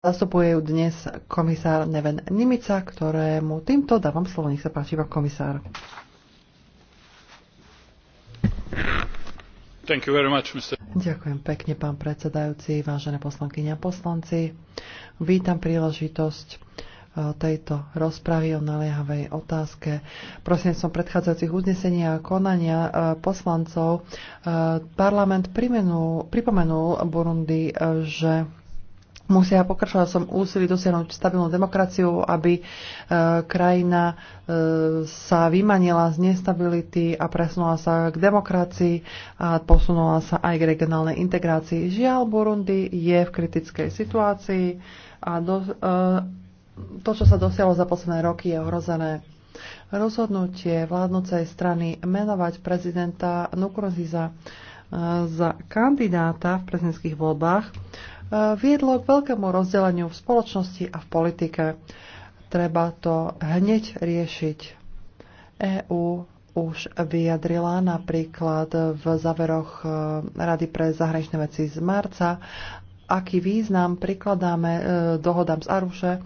Zastupuje ju dnes komisár Neven Nimica, ktorému týmto dávam slovo. Nech sa páči, pán komisár. Thank you very much, Mr. Ďakujem pekne, pán predsedajúci, vážené poslankyne a poslanci. Vítam príležitosť e, tejto rozpravy o naliehavej otázke. Prosím som predchádzajúcich uznesení a konania e, poslancov. E, parlament pripomenul Burundi, že musia pokračovať som úsilí dosiahnuť stabilnú demokraciu, aby e, krajina e, sa vymanila z nestability a presunula sa k demokracii a posunula sa aj k regionálnej integrácii. Žiaľ, Burundi je v kritickej situácii a do, e, to, čo sa dosiahlo za posledné roky, je ohrozené. Rozhodnutie vládnocej strany menovať prezidenta Nukroziza e, za kandidáta v prezidentských voľbách viedlo k veľkému rozdeleniu v spoločnosti a v politike. Treba to hneď riešiť. EÚ už vyjadrila napríklad v záveroch e, Rady pre zahraničné veci z marca, aký význam prikladáme e, dohodám z Aruše, e,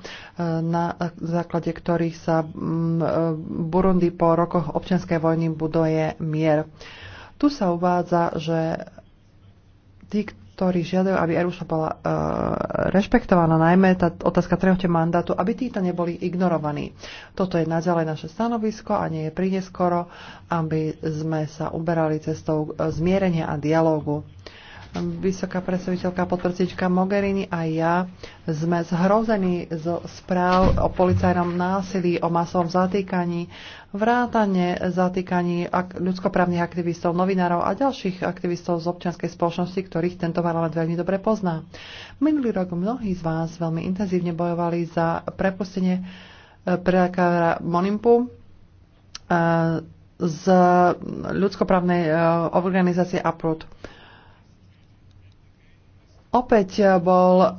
na základe ktorých sa Burundi po rokoch občianskej vojny buduje mier. Tu sa uvádza, že tí, ktorí žiadajú, aby Eruša bola uh, rešpektovaná, najmä tá otázka trehote mandátu, aby títo neboli ignorovaní. Toto je naďalej naše stanovisko a nie je prineskoro, aby sme sa uberali cestou e, zmierenia a dialógu vysoká predstaviteľka podpredsednička Mogherini a ja sme zhrození zo správ o policajnom násilí, o masovom zatýkaní, vrátane zatýkaní ľudskoprávnych aktivistov, novinárov a ďalších aktivistov z občianskej spoločnosti, ktorých tento parlament veľmi dobre pozná. Minulý rok mnohí z vás veľmi intenzívne bojovali za prepustenie eh, prekára Monimpu eh, z ľudskoprávnej eh, organizácie APRUD opäť eh, bol eh,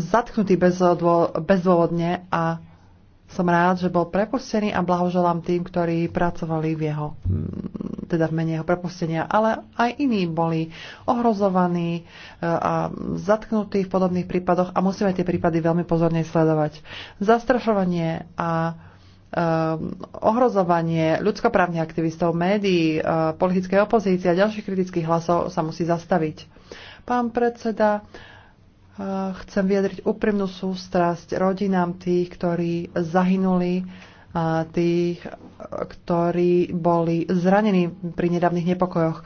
zatknutý bezdôvodne a som rád, že bol prepustený a blahoželám tým, ktorí pracovali v jeho, hm, teda v mene jeho prepustenia, ale aj iní boli ohrozovaní eh, a zatknutí v podobných prípadoch a musíme tie prípady veľmi pozorne sledovať. Zastrašovanie a ohrozovanie ľudskoprávnych aktivistov, médií, politickej opozície a ďalších kritických hlasov sa musí zastaviť. Pán predseda, eh, chcem vyjadriť úprimnú sústrasť rodinám tých, ktorí zahynuli, eh, tých, ktorí boli zranení pri nedávnych nepokojoch. Eh,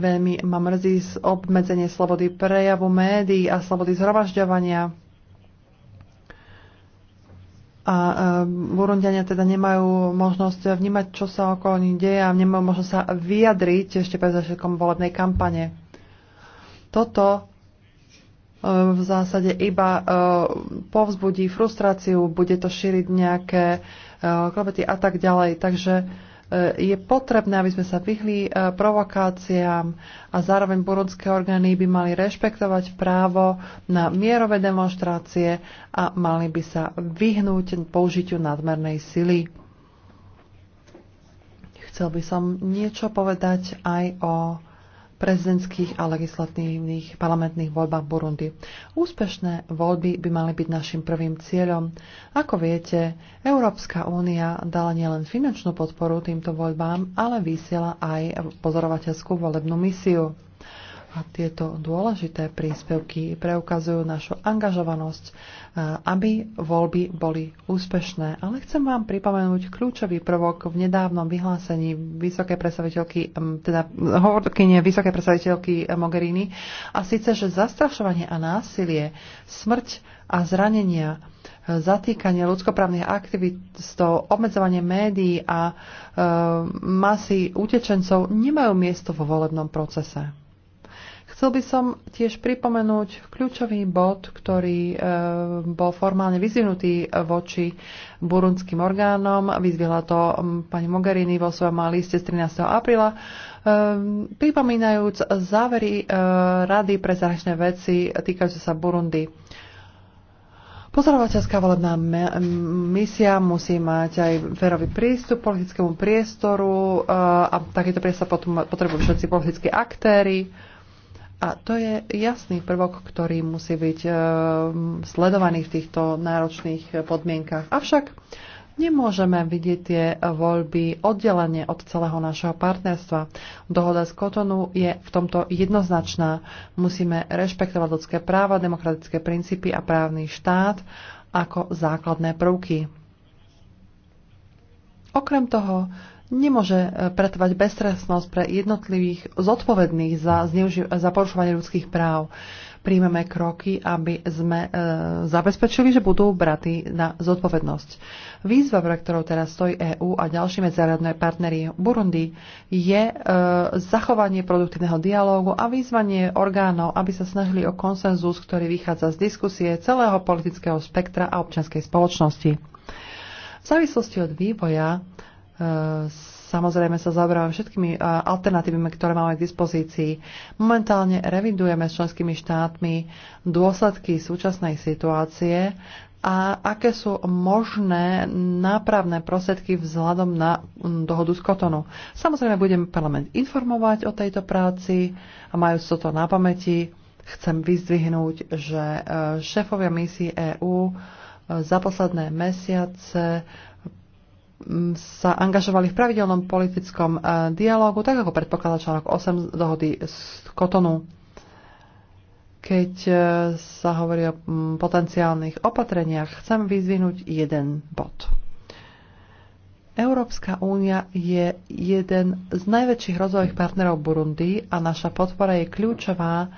veľmi ma mrzí obmedzenie slobody prejavu médií a slobody zhromažďovania a Burundiania teda nemajú možnosť vnímať, čo sa okolo nich deje a nemajú možnosť sa vyjadriť ešte pred začiatkom volebnej kampane. Toto e, v zásade iba e, povzbudí frustráciu, bude to šíriť nejaké e, klopety a tak ďalej. Takže je potrebné, aby sme sa vyhli provokáciám a zároveň burundské orgány by mali rešpektovať právo na mierové demonstrácie a mali by sa vyhnúť použitiu nadmernej sily. Chcel by som niečo povedať aj o prezidentských a legislatívnych parlamentných voľbách Burundi. Úspešné voľby by mali byť našim prvým cieľom. Ako viete, Európska únia dala nielen finančnú podporu týmto voľbám, ale vysiela aj pozorovateľskú volebnú misiu. A tieto dôležité príspevky preukazujú našu angažovanosť, eh, aby voľby boli úspešné. Ale chcem vám pripomenúť kľúčový prvok v nedávnom vyhlásení vysoké predstaviteľky, mm, teda hovorkyne vysoké predstaviteľky eh, Mogherini, a síce, že zastrašovanie a násilie, smrť a zranenia eh, zatýkanie ľudskoprávnych aktivistov, obmedzovanie médií a e, masy utečencov nemajú miesto vo volebnom procese. Chcel by som tiež pripomenúť kľúčový bod, ktorý e, bol formálne vyzvinutý voči burundským orgánom. Vyzvihla to pani Mogherini vo svojom liste z 13. apríla, e, pripomínajúc závery e, Rady pre zahraničné veci týkajúce sa Burundi. Pozorovateľská volebná misia musí mať aj ferový prístup k politickému priestoru a takýto priestor potom potrebujú všetci politickí aktéry a to je jasný prvok, ktorý musí byť e, sledovaný v týchto náročných podmienkach. Avšak nemôžeme vidieť tie voľby oddelenie od celého našeho partnerstva. Dohoda z Kotonu je v tomto jednoznačná. Musíme rešpektovať ľudské práva, demokratické princípy a právny štát ako základné prvky. Okrem toho, nemôže e, pretrvať beztrestnosť pre jednotlivých zodpovedných za, zneuži- za porušovanie ľudských práv. Príjmeme kroky, aby sme e, zabezpečili, že budú bratí na zodpovednosť. Výzva, pre ktorou teraz stojí EÚ a ďalší medzinárodné partnery Burundi, je e, zachovanie produktívneho dialógu a vyzvanie orgánov, aby sa snažili o konsenzus, ktorý vychádza z diskusie celého politického spektra a občianskej spoločnosti. V závislosti od vývoja Samozrejme sa zaoberáme všetkými eh, alternatívami, ktoré máme k dispozícii. Momentálne revidujeme s členskými štátmi dôsledky súčasnej situácie a aké sú možné nápravné prostriedky vzhľadom na mm, dohodu z Kotonu. Samozrejme budeme parlament informovať o tejto práci a majú toto na pamäti. Chcem vyzdvihnúť, že eh, šéfovia misií EÚ eh, za posledné mesiace sa angažovali v pravidelnom politickom e, dialogu, tak ako predpokladá článok 8 dohody z Kotonu. Keď e, sa hovorí o potenciálnych opatreniach, chcem vyzvinúť jeden bod. Európska únia je jeden z najväčších rozvojových partnerov Burundi a naša podpora je kľúčová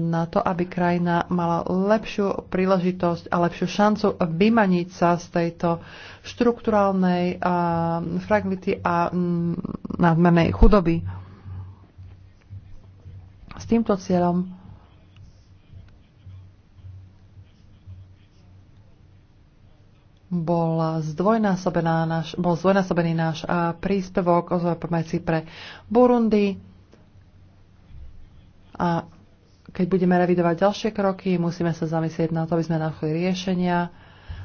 na to, aby krajina mala lepšiu príležitosť a lepšiu šancu vymaniť sa z tejto štruktúrálnej fragmity a nadmernej chudoby. S týmto cieľom bol zdvojnásobený, náš, bol zdvojnásobený náš príspevok o pomoci pre Burundi a keď budeme revidovať ďalšie kroky, musíme sa zamyslieť na to, aby sme našli riešenia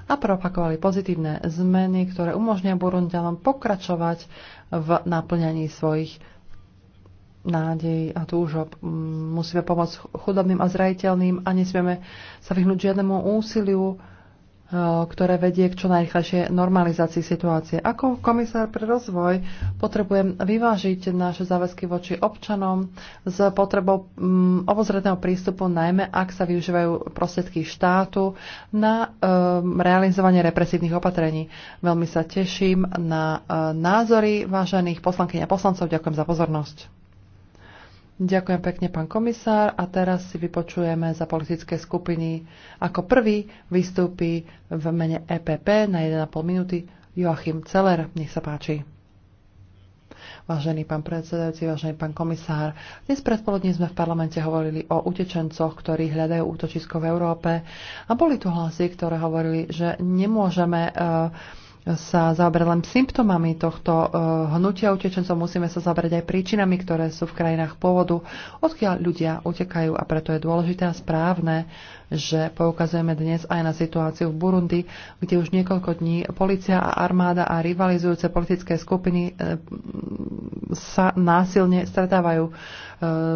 a propakovali pozitívne zmeny, ktoré umožnia Burundianom pokračovať v naplňaní svojich nádej a túžob. Musíme pomôcť chudobným a zraniteľným a nesmieme sa vyhnúť žiadnemu úsiliu Eh, ktoré vedie k čo najrychlejšej normalizácii situácie. Ako komisár pre rozvoj potrebujem vyvážiť naše záväzky voči občanom s potrebou mm, obozretného prístupu, najmä ak sa využívajú prostriedky štátu na eh, realizovanie represívnych opatrení. Veľmi sa teším na eh, názory vážených poslankyň a poslancov. Ďakujem za pozornosť. Ďakujem pekne, pán komisár. A teraz si vypočujeme za politické skupiny. Ako prvý vystúpi v mene EPP na 1,5 minúty Joachim Celer. Nech sa páči. Vážený pán predsedajúci, vážený pán komisár, dnes predpoludní sme v parlamente hovorili o utečencoch, ktorí hľadajú útočisko v Európe a boli tu hlasy, ktoré hovorili, že nemôžeme uh, sa zaoberať len symptomami tohto eh, hnutia utečencov, musíme sa zaoberať aj príčinami, ktoré sú v krajinách pôvodu, odkiaľ ľudia utekajú a preto je dôležité a správne, že poukazujeme dnes aj na situáciu v Burundi, kde už niekoľko dní policia a armáda a rivalizujúce politické skupiny eh, sa násilne stretávajú. Eh,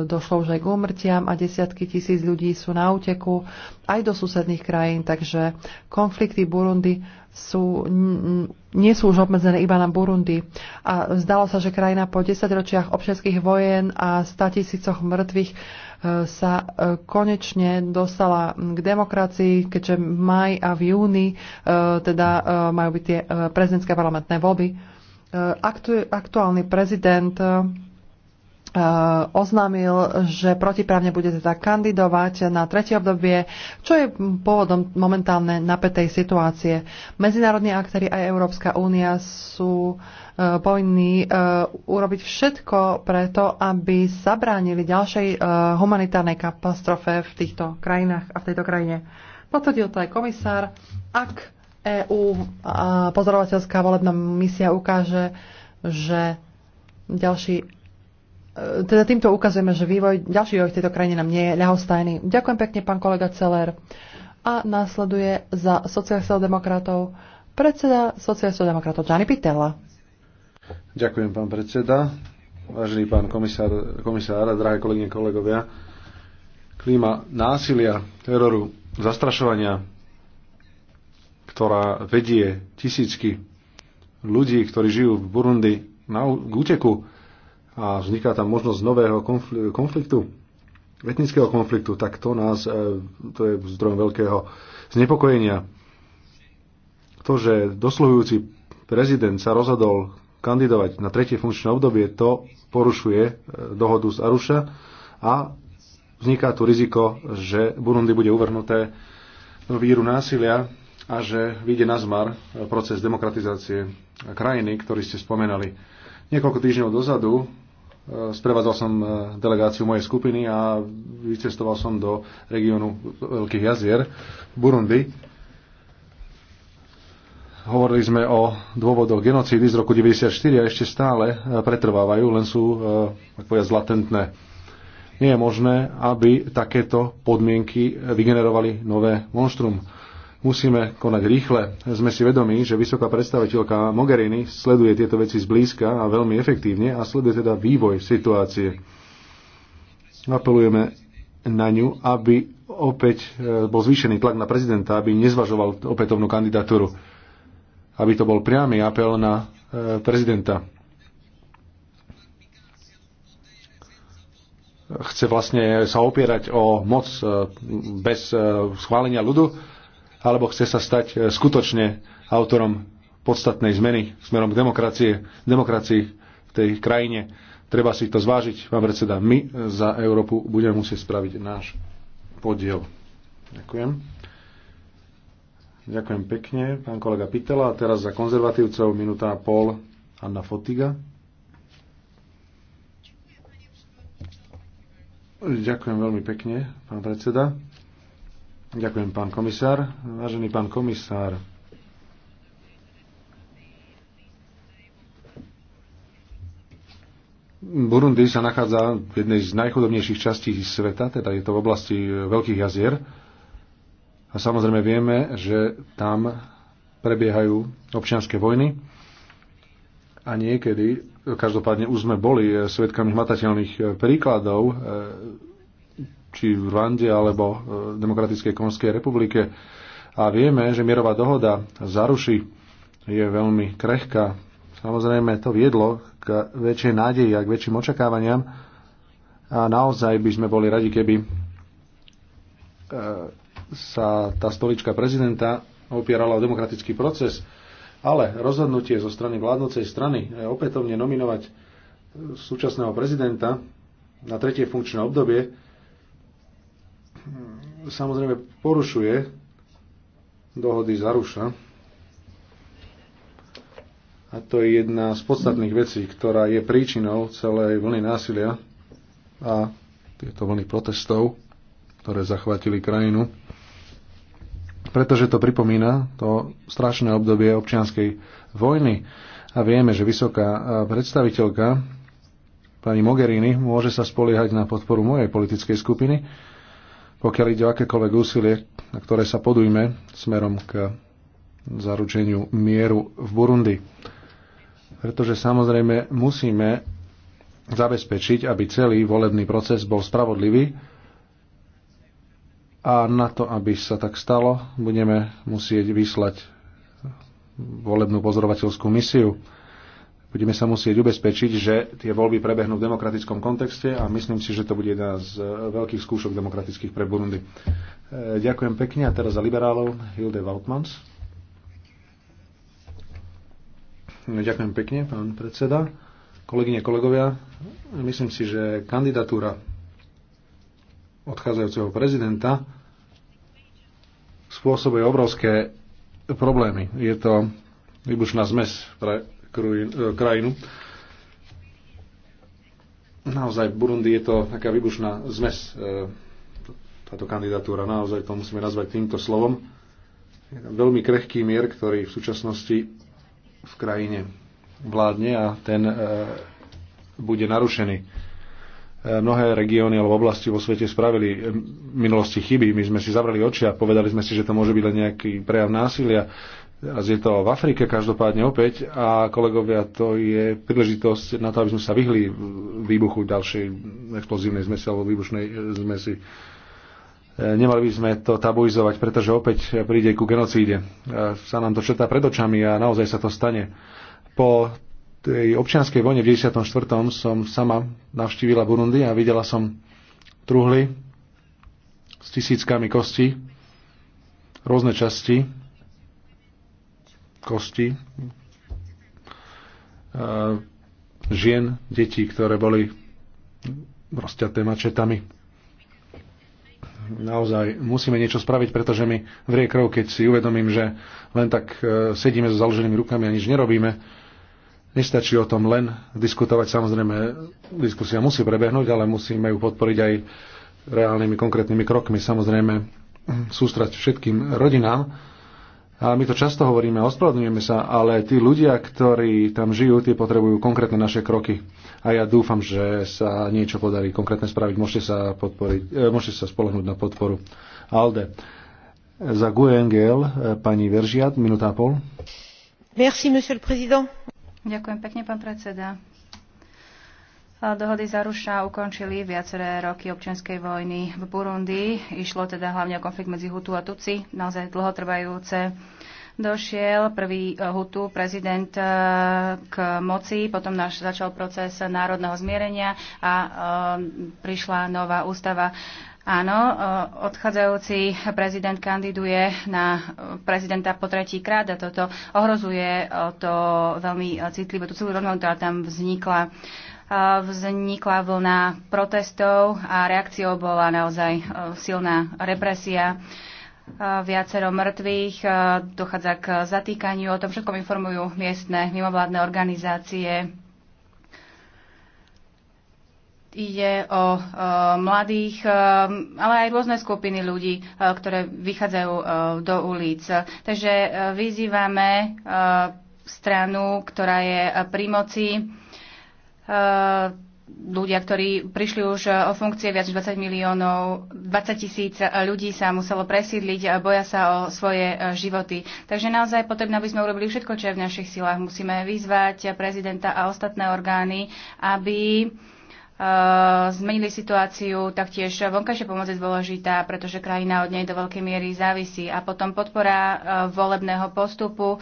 došlo už aj k úmrtiam a desiatky tisíc ľudí sú na úteku aj do susedných krajín, takže konflikty Burundi sú, nie sú už obmedzené iba na Burundi. A zdalo sa, že krajina po desaťročiach občianských vojen a statisícoch mŕtvych e, sa e, konečne dostala k demokracii, keďže v maj a v júni e, teda majú byť tie prezidentské parlamentné voľby. Aktu, aktuálny prezident Eh, oznámil, že protiprávne bude teda kandidovať na tretie obdobie, čo je pôvodom momentálne napätej situácie. Medzinárodní aktéry aj Európska únia sú eh, povinní eh, urobiť všetko preto, aby zabránili ďalšej humanitárnej katastrofe v týchto krajinách a v tejto krajine. Potvrdil to aj komisár. Ak EÚ pozorovateľská volebná misia ukáže, že ďalší E, teda týmto ukazujeme, že vývoj, ďalší vývoj v tejto krajine nám nie je ľahostajný. Ďakujem pekne, pán kolega Celer. A následuje za sociálnych demokratov predseda sociálnych demokratov Gianni Pitella. Ďakujem, pán predseda. Vážený pán komisár, komisár a drahé kolegyne, kolegovia. Klíma násilia, teroru, zastrašovania, ktorá vedie tisícky ľudí, ktorí žijú v Burundi na, k úteku, a vzniká tam možnosť nového konfliktu, etnického konfliktu, tak to nás, e, to je zdrojom veľkého znepokojenia. To, že dosluhujúci prezident sa rozhodol kandidovať na tretie funkčné obdobie, to porušuje e, dohodu z Aruša a vzniká tu riziko, že Burundi bude uvrhnuté do víru násilia a že vyjde na zmar e, proces demokratizácie krajiny, ktorý ste spomenali. Niekoľko týždňov dozadu Eh, sprevádzal som eh, delegáciu mojej skupiny a vycestoval som do regiónu Veľkých jazier Burundi. Hovorili sme o dôvodoch genocídy z roku 1994 a ešte stále eh, pretrvávajú, len sú, tak povedať, latentné. Nie je možné, aby takéto podmienky vygenerovali nové monštrum Musíme konať rýchle. Sme si vedomí, že vysoká predstaviteľka Mogherini sleduje tieto veci zblízka a veľmi efektívne a sleduje teda vývoj situácie. Apelujeme na ňu, aby opäť e, bol zvýšený tlak na prezidenta, aby nezvažoval opätovnú kandidatúru. Aby to bol priamy apel na e, prezidenta. Chce vlastne sa opierať o moc e, bez schválenia ľudu alebo chce sa stať e, skutočne autorom podstatnej zmeny smerom k demokracie, demokracii v tej krajine. Treba si to zvážiť, pán predseda. My e, za Európu budeme musieť spraviť náš podiel. Ďakujem. Ďakujem pekne, pán kolega Pitela. A teraz za konzervatívcov minúta a pol Anna Fotiga. Ďakujem veľmi pekne, pán predseda. Ďakujem, pán komisár. Vážený pán komisár, Burundi sa nachádza v jednej z najchudobnejších častí sveta, teda je to v oblasti e, Veľkých jazier. A samozrejme vieme, že tam prebiehajú občianské vojny a niekedy, e, každopádne už sme boli e, svetkami hmatateľných príkladov či v Rwande alebo v e, Demokratickej Konskej republike. A vieme, že mierová dohoda zaruší je veľmi krehká. Samozrejme, to viedlo k väčšej nádeji a k väčším očakávaniam. A naozaj by sme boli radi, keby e, sa tá stolička prezidenta opierala o demokratický proces, ale rozhodnutie zo strany vládnocej strany e, opätovne nominovať súčasného prezidenta na tretie funkčné obdobie samozrejme porušuje dohody Zaruša. A to je jedna z podstatných vecí, ktorá je príčinou celej vlny násilia a tieto vlny protestov, ktoré zachvátili krajinu. Pretože to pripomína to strašné obdobie občianskej vojny. A vieme, že vysoká predstaviteľka pani Mogherini môže sa spoliehať na podporu mojej politickej skupiny, pokiaľ ide o akékoľvek úsilie, na ktoré sa podujme smerom k zaručeniu mieru v Burundi. Pretože samozrejme musíme zabezpečiť, aby celý volebný proces bol spravodlivý a na to, aby sa tak stalo, budeme musieť vyslať volebnú pozorovateľskú misiu budeme sa musieť ubezpečiť, že tie voľby prebehnú v demokratickom kontexte a myslím si, že to bude jedna z e, veľkých skúšok demokratických pre Burundi. E, ďakujem pekne a teraz za liberálov Hilde Waltmans. No, ďakujem pekne, pán predseda. Kolegyne, kolegovia, myslím si, že kandidatúra odchádzajúceho prezidenta spôsobuje obrovské problémy. Je to výbušná zmes pre E, krajinu. Naozaj v Burundi je to taká vybušná zmes, e, táto kandidatúra. Naozaj to musíme nazvať týmto slovom. Je veľmi krehký mier, ktorý v súčasnosti v krajine vládne a ten e, bude narušený mnohé regióny alebo oblasti vo svete spravili v minulosti chyby. My sme si zavreli oči a povedali sme si, že to môže byť len nejaký prejav násilia je to v Afrike každopádne opäť a kolegovia, to je príležitosť na to, aby sme sa vyhli výbuchu ďalšej explozívnej zmesi alebo výbušnej e, zmesi. E, nemali by sme to tabuizovať, pretože opäť príde ku genocíde. E, sa nám to četá pred očami a naozaj sa to stane. Po tej občianskej vojne v 94. som sama navštívila Burundi a videla som truhly s tisíckami kostí, rôzne časti kosti e, žien, detí, ktoré boli rozťaté mačetami. Naozaj musíme niečo spraviť, pretože mi vrie krv, keď si uvedomím, že len tak e, sedíme so založenými rukami a nič nerobíme. Nestačí o tom len diskutovať. Samozrejme, diskusia musí prebehnúť, ale musíme ju podporiť aj reálnymi konkrétnymi krokmi. Samozrejme, sústrať všetkým rodinám, ale my to často hovoríme ospravedlňujeme sa, ale tí ľudia, ktorí tam žijú, tie potrebujú konkrétne naše kroky. A ja dúfam, že sa niečo podarí konkrétne spraviť. Môžete sa, podporiť, e, môžete sa spolehnúť na podporu. Alde. Za Guengel, e, pani Veržiat, minúta a pol. Merci, monsieur le président. Ďakujem pekne, pán predseda dohody za ukončili viaceré roky občianskej vojny v Burundi. Išlo teda hlavne o konflikt medzi Hutu a Tuci, naozaj dlhotrvajúce. Došiel prvý eh, Hutu prezident eh, k moci, potom náš začal proces národného zmierenia a eh, prišla nová ústava. Áno, odchádzajúci prezident kandiduje na prezidenta po tretí krát a toto ohrozuje to veľmi citlivé, tú celú rovnú, ktorá tam vznikla vznikla vlna protestov a reakciou bola naozaj e, silná represia e, viacero mŕtvych, e, dochádza k zatýkaniu, o tom všetkom informujú miestne mimovládne organizácie. Ide o mladých, ale aj rôzne skupiny ľudí, ktoré vychádzajú do ulic. Takže vyzývame stranu, ktorá je pri moci, Eh, ľudia, ktorí prišli už eh, o funkcie, viac než 20 miliónov, 20 tisíc eh, ľudí sa muselo presídliť a boja sa o svoje životy. Takže naozaj potrebné, aby sme urobili všetko, čo je v našich silách. Musíme vyzvať prezidenta a ostatné orgány, aby Eh, zmenili situáciu, taktiež vonkajšia pomoc je dôležitá, pretože krajina od nej do veľkej miery závisí. A potom podpora eh, volebného postupu. Eh,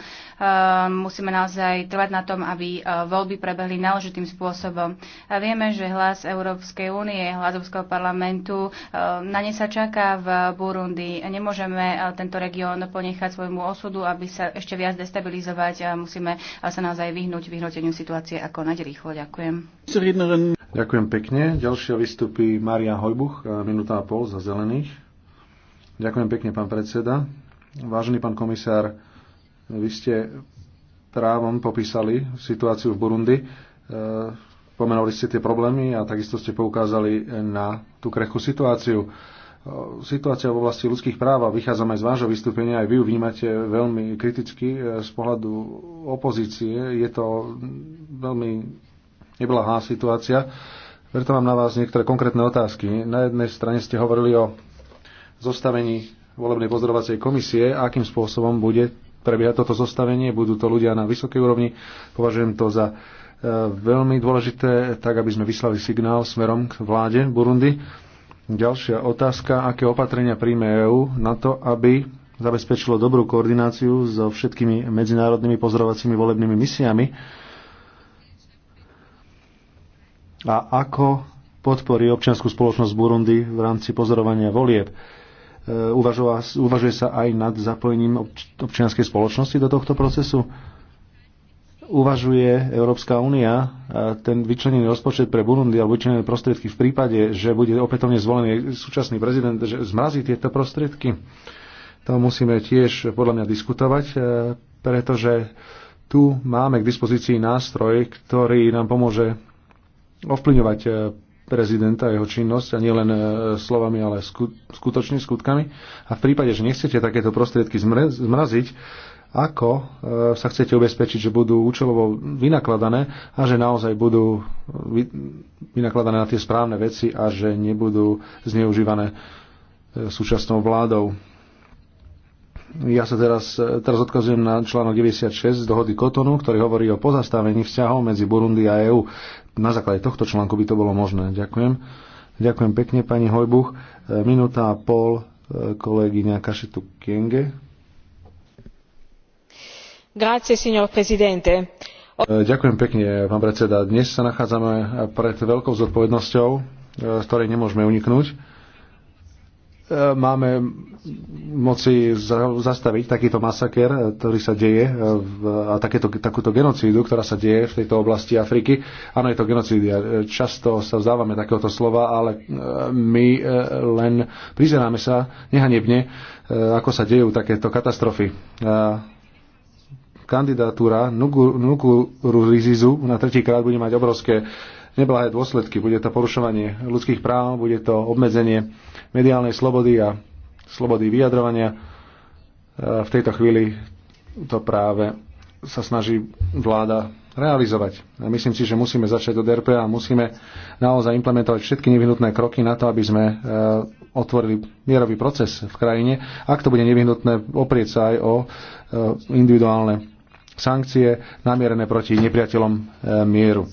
musíme naozaj trvať na tom, aby voľby prebehli náležitým spôsobom. A vieme, že hlas Európskej únie, hlas Európskeho parlamentu, na ne sa čaká v Burundi. Nemôžeme tento región ponechať svojmu osudu, aby sa ešte viac destabilizovať a musíme sa naozaj vyhnúť vyhnuteniu situácie ako najrýchlo. Ďakujem. Ďakujem pekne. Ďalšia vystupí Maria Hojbuch, eh, minúta a pol za zelených. Ďakujem pekne, pán predseda. Vážený pán komisár, vy ste právom popísali situáciu v Burundi. Eh, pomenovali ste tie problémy a takisto ste poukázali na tú krehkú situáciu. Eh, situácia v oblasti ľudských práv, a vychádzam aj z vášho vystúpenia, aj vy ju vnímate veľmi kriticky z pohľadu opozície. Je to veľmi neblahá situácia. Preto mám na vás niektoré konkrétne otázky. Na jednej strane ste hovorili o zostavení volebnej pozorovacej komisie, akým spôsobom bude prebiehať toto zostavenie, budú to ľudia na vysokej úrovni. Považujem to za e, veľmi dôležité, tak aby sme vyslali signál smerom k vláde Burundi. Ďalšia otázka, aké opatrenia príjme EÚ na to, aby zabezpečilo dobrú koordináciu so všetkými medzinárodnými pozorovacími volebnými misiami, a ako podporí občianskú spoločnosť Burundi v rámci pozorovania volieb. E, Uvažuva, uvažuje sa aj nad zapojením obč- občianskej spoločnosti do tohto procesu. Uvažuje Európska únia e, ten vyčlenený rozpočet pre Burundi alebo vyčlenené prostriedky v prípade, že bude opätovne zvolený súčasný prezident, že zmrazí tieto prostriedky. To musíme tiež podľa mňa diskutovať, e, pretože tu máme k dispozícii nástroj, ktorý nám pomôže ovplyvňovať e, prezidenta a jeho činnosť a nielen e, slovami, ale skutočne skutkami. A v prípade, že nechcete takéto prostriedky zmraziť, ako e, sa chcete ubezpečiť, že budú účelovo vynakladané a že naozaj budú vynakladané na tie správne veci a že nebudú zneužívané súčasnou vládou. Ja sa teraz, teraz odkazujem na článok 96 z dohody Kotonu, ktorý hovorí o pozastavení vzťahov medzi Burundi a EÚ na základe tohto článku by to bolo možné. Ďakujem. Ďakujem pekne, pani Hojbuch. E, minúta a pol e, kolegyňa Kašitu Kienge. Grazie, signor presidente. E, ďakujem pekne, pán predseda. Dnes sa nachádzame pred veľkou zodpovednosťou, z ktorej nemôžeme uniknúť E, máme moci zastaviť takýto masaker, e, ktorý sa deje e, a takéto, takúto genocídu, ktorá sa deje v tejto oblasti Afriky. Áno, je to genocídia. Často sa vzdávame takéhoto slova, ale my len prizeráme sa nehanebne, ako sa dejú takéto katastrofy. Kandidatúra Nukuru Rizizu na tretíkrát bude mať obrovské neblahé dôsledky. Bude to porušovanie ľudských práv, bude to obmedzenie mediálnej slobody a slobody vyjadrovania. E, v tejto chvíli to práve sa snaží vláda realizovať. A myslím si, že musíme začať od RPA a musíme naozaj implementovať všetky nevyhnutné kroky na to, aby sme e, otvorili mierový proces v krajine. Ak to bude nevyhnutné, oprieť sa aj o e, individuálne sankcie namierené proti nepriateľom mieru.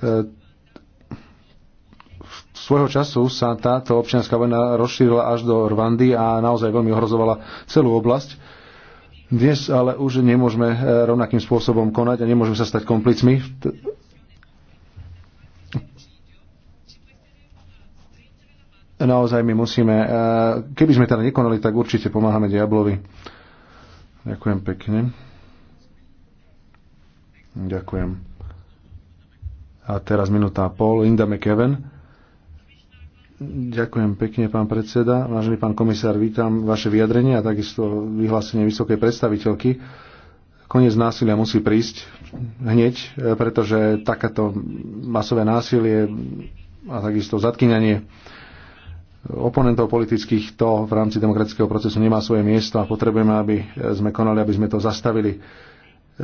E, svojho času sa táto občianská vojna rozšírila až do Rwandy a naozaj veľmi ohrozovala celú oblasť. Dnes ale už nemôžeme e, rovnakým spôsobom konať a nemôžeme sa stať komplicmi. Naozaj my musíme, e, keby sme teda nekonali, tak určite pomáhame diablovi. Ďakujem pekne. Ďakujem. A teraz minúta a pol. Linda McEwen. Ďakujem pekne, pán predseda. Vážený pán komisár, vítam vaše vyjadrenie a takisto vyhlásenie vysokej predstaviteľky. Koniec násilia musí prísť hneď, pretože takéto masové násilie a takisto zatkynanie oponentov politických, to v rámci demokratického procesu nemá svoje miesto a potrebujeme, aby sme konali, aby sme to zastavili.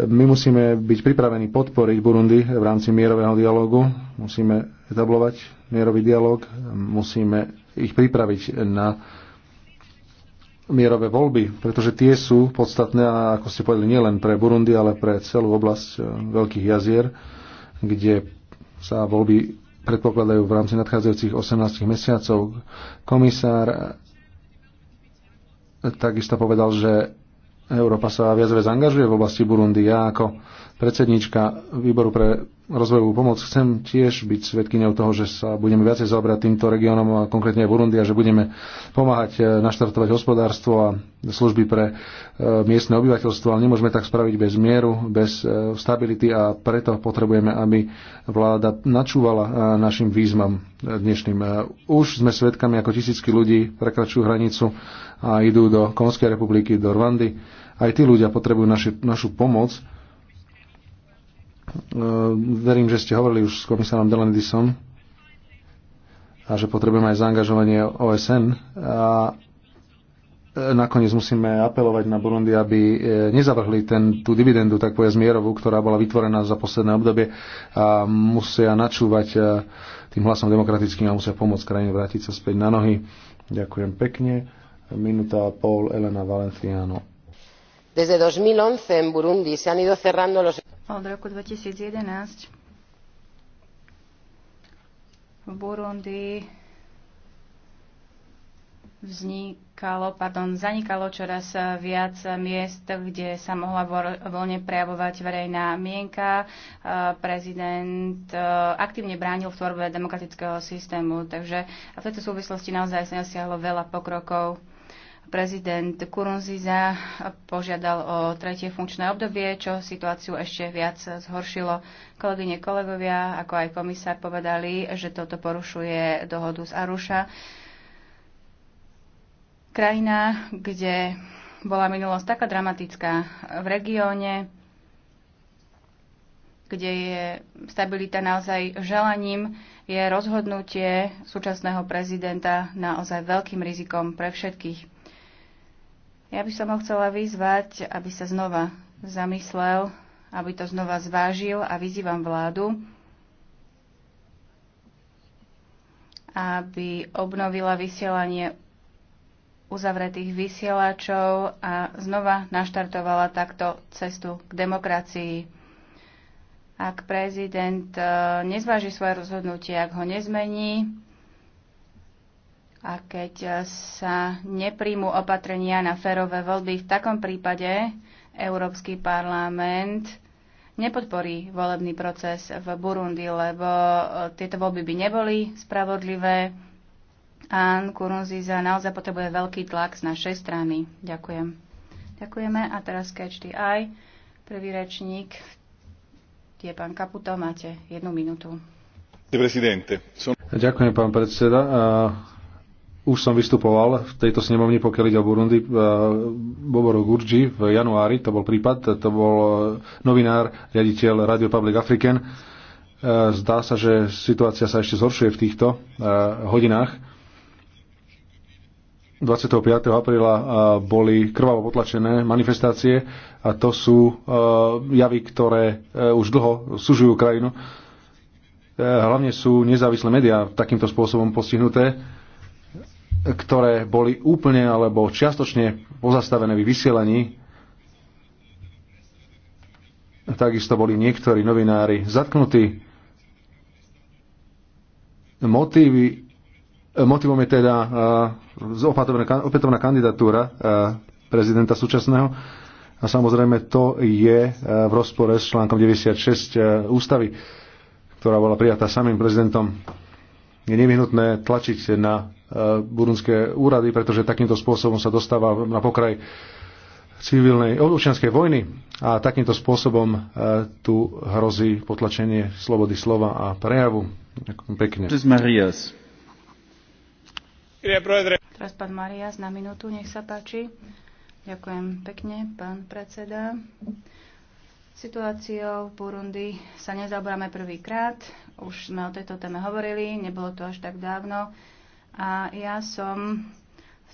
My musíme byť pripravení podporiť Burundi v rámci mierového dialogu, musíme etablovať mierový dialog, musíme ich pripraviť na mierové voľby, pretože tie sú podstatné, ako ste povedali, nielen pre Burundi, ale pre celú oblasť e, Veľkých jazier, kde sa voľby predpokladajú v rámci nadchádzajúcich 18 mesiacov. Komisár takisto povedal, že Európa sa viac viac angažuje v oblasti Burundi. Ja ako predsednička výboru pre rozvojovú pomoc, chcem tiež byť svetkyňou toho, že sa budeme viacej zaobrať týmto regiónom a konkrétne aj Burundi a že budeme pomáhať e, naštartovať hospodárstvo a služby pre e, miestne obyvateľstvo, ale nemôžeme tak spraviť bez mieru, bez e, stability a preto potrebujeme, aby vláda načúvala našim výzvam dnešným. Už sme svedkami, ako tisícky ľudí prekračujú hranicu a idú do Konskej republiky, do Rwandy. Aj tí ľudia potrebujú naši, našu pomoc E, verím, že ste hovorili už s komisárom Delandisom a že potrebujeme aj zaangažovanie OSN. A e, nakoniec musíme apelovať na Burundi, aby e, nezavrhli ten, tú dividendu, tak povedať, mierovú, ktorá bola vytvorená za posledné obdobie a musia načúvať tým hlasom demokratickým a musia pomôcť krajine vrátiť sa späť na nohy. Ďakujem pekne. Minúta a pol Elena Valenciano. Desde 2011 en Burundi se han ido cerrando los od roku 2011 v Burundi vznikalo, pardon, zanikalo čoraz viac miest, kde sa mohla voľne prejavovať verejná mienka. Prezident e, aktívne bránil v tvorbe demokratického systému, takže v tejto súvislosti naozaj sa nesiahlo veľa pokrokov prezident Kurunziza požiadal o tretie funkčné obdobie, čo situáciu ešte viac zhoršilo. Kolegyne, kolegovia, ako aj komisár povedali, že toto porušuje dohodu z Aruša. Krajina, kde bola minulosť taká dramatická v regióne, kde je stabilita naozaj želaním, je rozhodnutie súčasného prezidenta naozaj veľkým rizikom pre všetkých. Ja by som ho chcela vyzvať, aby sa znova zamyslel, aby to znova zvážil a vyzývam vládu, aby obnovila vysielanie uzavretých vysielačov a znova naštartovala takto cestu k demokracii. Ak prezident eh, nezváži svoje rozhodnutie, ak ho nezmení, a keď sa nepríjmu opatrenia na férové voľby, v takom prípade Európsky parlament nepodporí volebný proces v Burundi, lebo e, tieto voľby by neboli spravodlivé. A Kurunziza naozaj potrebuje veľký tlak z našej strany. Ďakujem. Ďakujeme. A teraz Catch the Eye. Prvý rečník je pán Kaputo. Máte jednu minútu. Ďakujem, pán predseda. Už som vystupoval v tejto snemovni, pokiaľ ide o Burundi, eh, Boboro Gurgi v januári, to bol prípad, to bol eh, novinár, riaditeľ Radio Public African. Eh, zdá sa, že situácia sa ešte zhoršuje v týchto hodinách. 25. apríla boli krvavo potlačené manifestácie a to sú javy, ktoré už dlho sužujú krajinu. Hlavne sú nezávislé médiá takýmto spôsobom postihnuté ktoré boli úplne alebo čiastočne pozastavené v vysielaní. Takisto boli niektorí novinári zatknutí. Motívy, motivom je teda opätovná kandidatúra prezidenta súčasného. A samozrejme to je v rozpore s článkom 96 ústavy, ktorá bola prijatá samým prezidentom. Je nevyhnutné tlačiť na burundské úrady, pretože takýmto spôsobom sa dostáva na pokraj civilnej občianskej vojny a takýmto spôsobom e, tu hrozí potlačenie slobody slova a prejavu. Ďakujem pekne. Marias. Teraz pán Marias na minútu, nech sa páči. Ďakujem pekne, pán predseda. Situáciou v Burundi sa nezaoberáme prvýkrát. Už sme o tejto téme hovorili, nebolo to až tak dávno. A ja som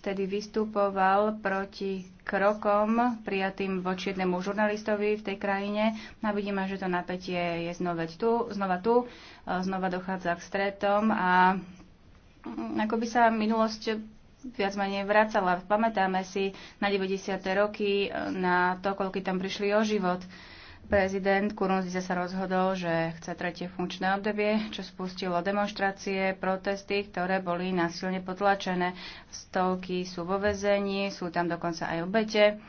vtedy vystupoval proti krokom prijatým voči jednému žurnalistovi v tej krajine. A vidíme, že to napätie je znova tu, znova tu, e, znova dochádza k stretom a mm, ako by sa minulosť viac menej vracala. Pamätáme si na 90. roky, e, na to, koľko tam prišli o život. Prezident Kurunzice sa rozhodol, že chce tretie funkčné obdobie, čo spustilo demonstrácie, protesty, ktoré boli násilne potlačené. Stovky sú vo vezení, sú tam dokonca aj obete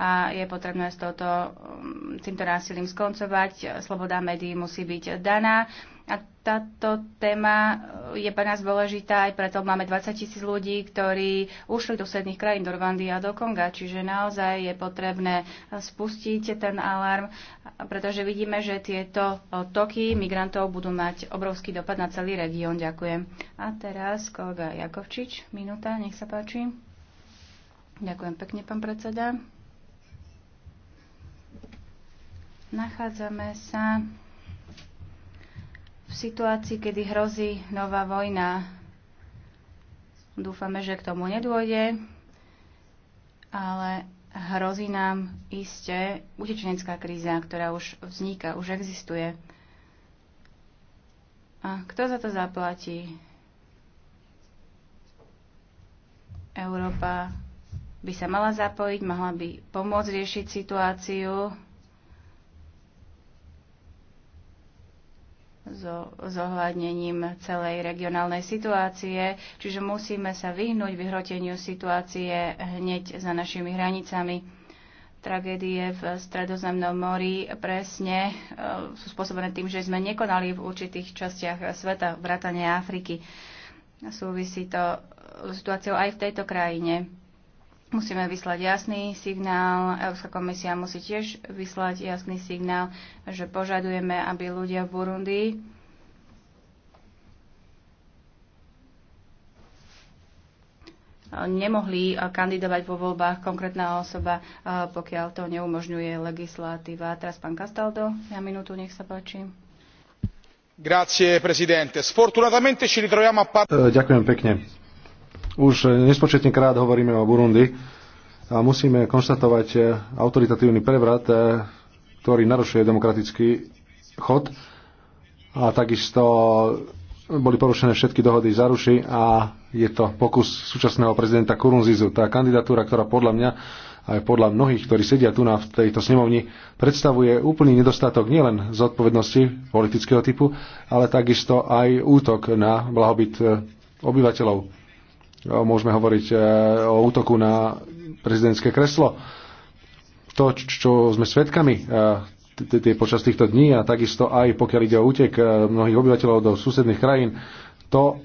a je potrebné s toto, um, týmto násilím skoncovať. Sloboda médií musí byť daná. A táto téma uh, je pre nás dôležitá, aj preto máme 20 tisíc ľudí, ktorí ušli do sedných krajín, do Rwandy a do Konga. Čiže naozaj je potrebné spustiť ten alarm, pretože vidíme, že tieto uh, toky migrantov budú mať obrovský dopad na celý región. Ďakujem. A teraz kolega Jakovčič, minúta, nech sa páči. Ďakujem pekne, pán predseda. Nachádzame sa v situácii, kedy hrozí nová vojna. Dúfame, že k tomu nedôjde, ale hrozí nám iste utečenecká kríza, ktorá už vzniká, už existuje. A kto za to zaplatí? Európa by sa mala zapojiť, mohla by pomôcť riešiť situáciu. so zohľadnením celej regionálnej situácie, čiže musíme sa vyhnúť vyhroteniu situácie hneď za našimi hranicami. Tragédie v Stredozemnom mori presne e, sú spôsobené tým, že sme nekonali v určitých častiach sveta, vrátane Afriky. Súvisí to situáciou aj v tejto krajine Musíme vyslať jasný signál, Európska komisia musí tiež vyslať jasný signál, že požadujeme, aby ľudia v Burundi nemohli eh, kandidovať vo voľbách konkrétna osoba, eh, pokiaľ to neumožňuje legislatíva. Teraz pán Castaldo, na minútu, nech sa páči. Grazie, presidente. Sfortunatamente ci ritroviamo a... Eh, ďakujem pekne už eh, nespočetne krát hovoríme o Burundi a musíme konštatovať eh, autoritatívny prevrat, eh, ktorý narušuje demokratický chod a takisto boli porušené všetky dohody z Aruši a je to pokus súčasného prezidenta Kurunzizu. Tá kandidatúra, ktorá podľa mňa aj podľa mnohých, ktorí sedia tu na v tejto snemovni, predstavuje úplný nedostatok nielen zodpovednosti politického typu, ale takisto aj útok na blahobyt obyvateľov. No, môžeme hovoriť e, o útoku na prezidentské kreslo. To, čo sme svedkami e, počas týchto dní a takisto aj pokiaľ ide o útek e, mnohých obyvateľov do susedných krajín, to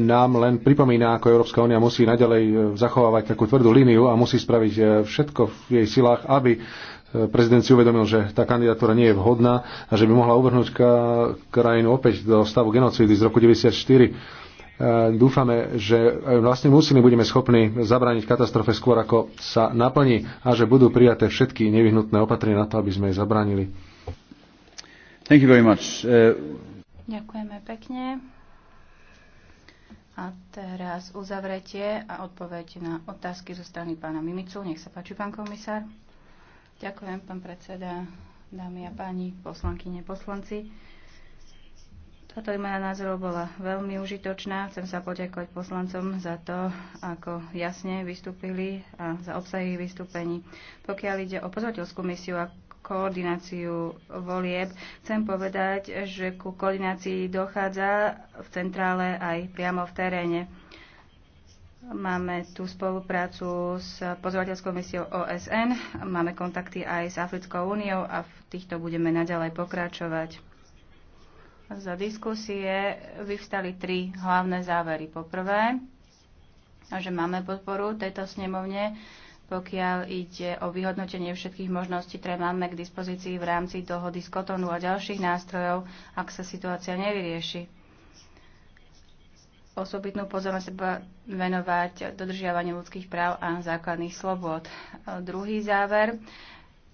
nám len pripomína, ako Európska únia musí naďalej zachovávať takú tvrdú líniu a musí spraviť všetko v jej silách, aby prezident si uvedomil, že tá kandidatúra nie je vhodná a že by mohla uvrhnúť krajinu opäť do stavu genocídy z roku 1994 E, dúfame, že vlastne úsilím budeme schopní zabrániť katastrofe skôr, ako sa naplní a že budú prijaté všetky nevyhnutné opatrenia na to, aby sme jej zabránili. Thank you very much. Uh... Ďakujeme pekne. A teraz uzavretie a odpoveď na otázky zo strany pána Mimicu. Nech sa páči, pán komisár. Ďakujem, pán predseda, dámy a páni, poslankyne, poslanci. Táto moja názorov bola veľmi užitočná. Chcem sa poďakovať poslancom za to, ako jasne vystúpili a za obsah ich vystúpení. Pokiaľ ide o pozvateľskú misiu a koordináciu volieb, chcem povedať, že ku koordinácii dochádza v centrále aj priamo v teréne. Máme tu spoluprácu s pozvateľskou misiou OSN, máme kontakty aj s Africkou úniou a v týchto budeme naďalej pokračovať. Za diskusie vyvstali tri hlavné závery. Poprvé, že máme podporu tejto snemovne, pokiaľ ide o vyhodnotenie všetkých možností, ktoré máme k dispozícii v rámci dohody z Kotonu a ďalších nástrojov, ak sa situácia nevyrieši. Osobitnú pozornosť treba venovať dodržiavaniu ľudských práv a základných slobod. Druhý záver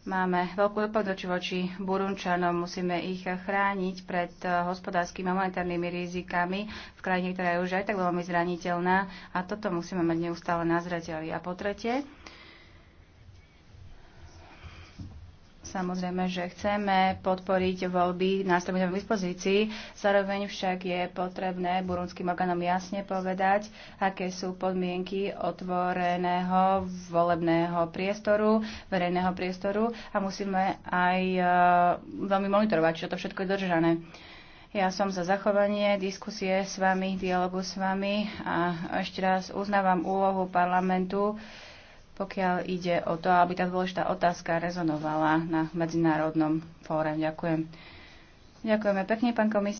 Máme veľkú zodpovednosť voči Burunčanom, musíme ich chrániť pred eh, hospodárskymi a monetárnymi rizikami v krajine, ktorá je už aj tak veľmi zraniteľná a toto musíme mať neustále na zreteli. A po tretie, Samozrejme, že chceme podporiť voľby na v dispozícii, zároveň však je potrebné burundským orgánom jasne povedať, aké sú podmienky otvoreného volebného priestoru, verejného priestoru a musíme aj e, veľmi monitorovať, čo to všetko je dodržané. Ja som za zachovanie diskusie s vami, dialogu s vami a ešte raz uznávam úlohu parlamentu pokiaľ ide o to, aby tá dôležitá otázka rezonovala na medzinárodnom fóre. Ďakujem. Ďakujeme pekne, pán komisár.